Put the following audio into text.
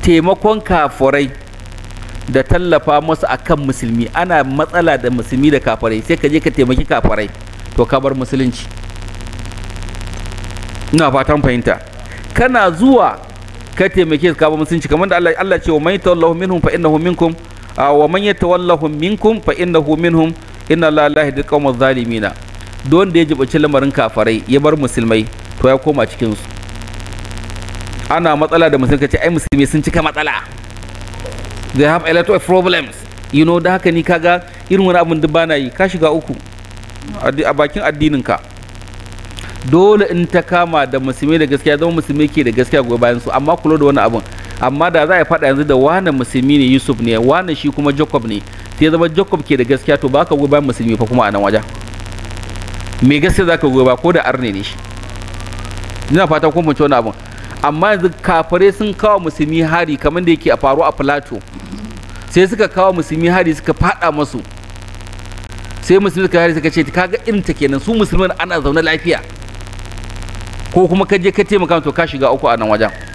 taimakon kafurai da tallafa musu akan musulmi ana matsala da musulmi da kafurai sai ka je ka taimaki kafurai to ka bar musulunci ina fatan fahimta kana zuwa ka taimake ka bar musulunci kamar da Allah Allah ce wa man yatawallahu minhum fa innahu minkum wa man yatawallahu minkum fa innahu minhum inna la ilaha illa qawmaz zalimina don da ya jibaci lamarin kafarai ya bar musulmai to ya koma cikin su ana matsala da musulmi kace ai musulmi sun cika matsala they have a lot of problems you know da haka ni kaga irin wani abin duk bana yi ka shiga uku a bakin addinin ka dole in ta kama da musulmi da gaskiya zama musulmi ke da gaskiya gobe bayan su amma kula da wani abin amma da za a faɗa yanzu da wani musulmi ne yusuf ne wani shi kuma jacob ne sai zama jacob ke da gaskiya to ba ka gobe bayan musulmi fa kuma a nan wajen me gaskiya za ka ba ko da arne ne shi ina fata kun fahimci wani abin amma yanzu kafare sun kawo musulmi hari kamar da yake a faru a plato sai suka kawo musulmi hari suka fada masu sai musulmi suka hari suka ce kaga irin ta kenan su musulmin ana zaune lafiya ko kuma ka je ka taimaka to ka shiga uku a nan wajen